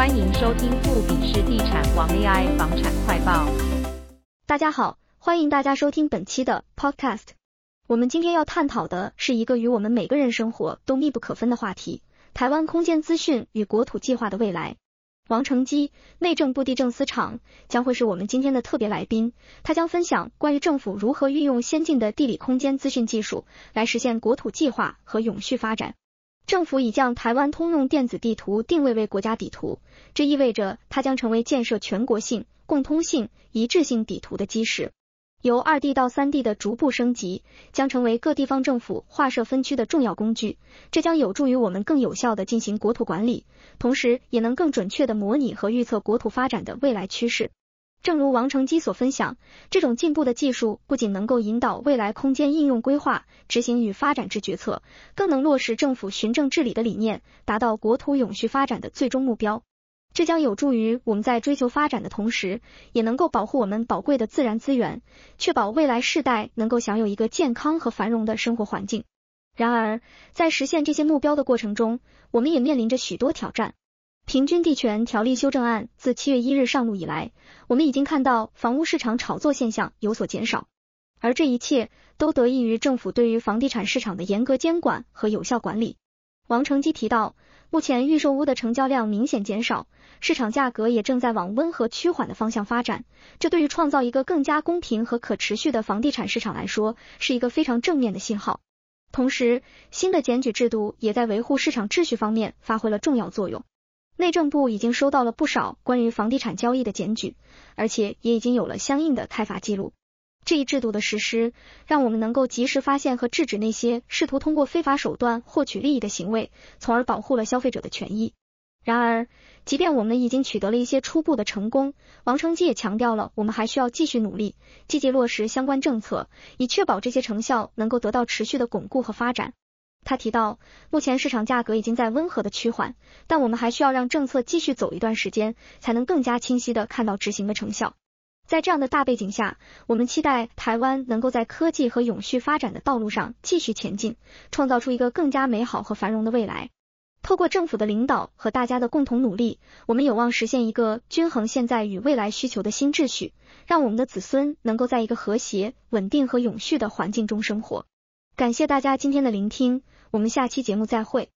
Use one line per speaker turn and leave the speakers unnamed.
歡迎收聽富比士地產王 AI 房產快報。大家好，歡迎大家收聽本期的 Podcast。我們今天要探討的是一個與我們每個人生活都密不可分的話題——台灣空間資訊與國土計劃的未來。王成機，內政部地政司長，將會是我們今天的特別來賓，他將分享關於政府如何運用先進的地理空間資訊技術來實現國土計劃和永續發展。政府已將台灣通用電子地圖定位為國家底圖，這意味着它將成為建設全國性、共通性、一致性底圖的基石。由二 D 到三 D 的逐步升級，將成為各地方政府劃設分區的重要工具。這將有助於我們更有效的進行國土管理，同時也能更準確的模擬和預測國土發展的未來趨勢。正如王成機所分享，這種進步的技術不僅能夠引導未來空間應用規劃、執行與發展之決策，更能落實政府循證治理的理念，達到國土永續發展的最終目標。這將有助於我們在追求發展的同時，也能夠保護我們寶貴的自然資源，確保未來世代能夠享有一個健康和繁榮的生活環境。然而，在實現這些目標的過程中，我們也面臨着許多挑戰。平均地權條例修正案自七月一日上路以來，我們已經看到房屋市場炒作現象有所減少，而這一切都得益於政府對於房地產市場的嚴格監管和有效管理。王成機提到，目前預售屋的成交量明顯減少，市場價格也正在往溫和趨緩的方向發展。這對於創造一個更加公平和可持續的房地產市場來說，是一個非常正面的信號。同時，新的檢舉制度也在維護市場秩序方面發揮了重要作用。內政部已經收到了不少關於房地產交易的檢舉，而且也已經有了相應的開罰記錄。這一制度的實施，讓我們能夠及時發現和制止那些試圖通過非法手段獲取利益的行為，從而保護了消費者的權益。然而，即便我們已經取得了一些初步的成功，王成機也強調了我們還需要繼續努力，積極落實相關政策，以確保這些成效能夠得到持續的鞏固和發展。他提到，目前市場價格已經在溫和的趨緩，但我們還需要讓政策繼續走一段時間，才能更加清晰的看到執行的成效。在這樣的大背景下，我們期待台灣能夠在科技和永續發展的道路上繼續前進，創造出一個更加美好和繁榮的未來。透過政府的領導和大家的共同努力，我們有望實現一個均衡現在與未來需求的新秩序，讓我們的子孫能夠在一個和諧、穩定和永續的環境中生活。感謝大家今天的聆聽，我們下期節目再會。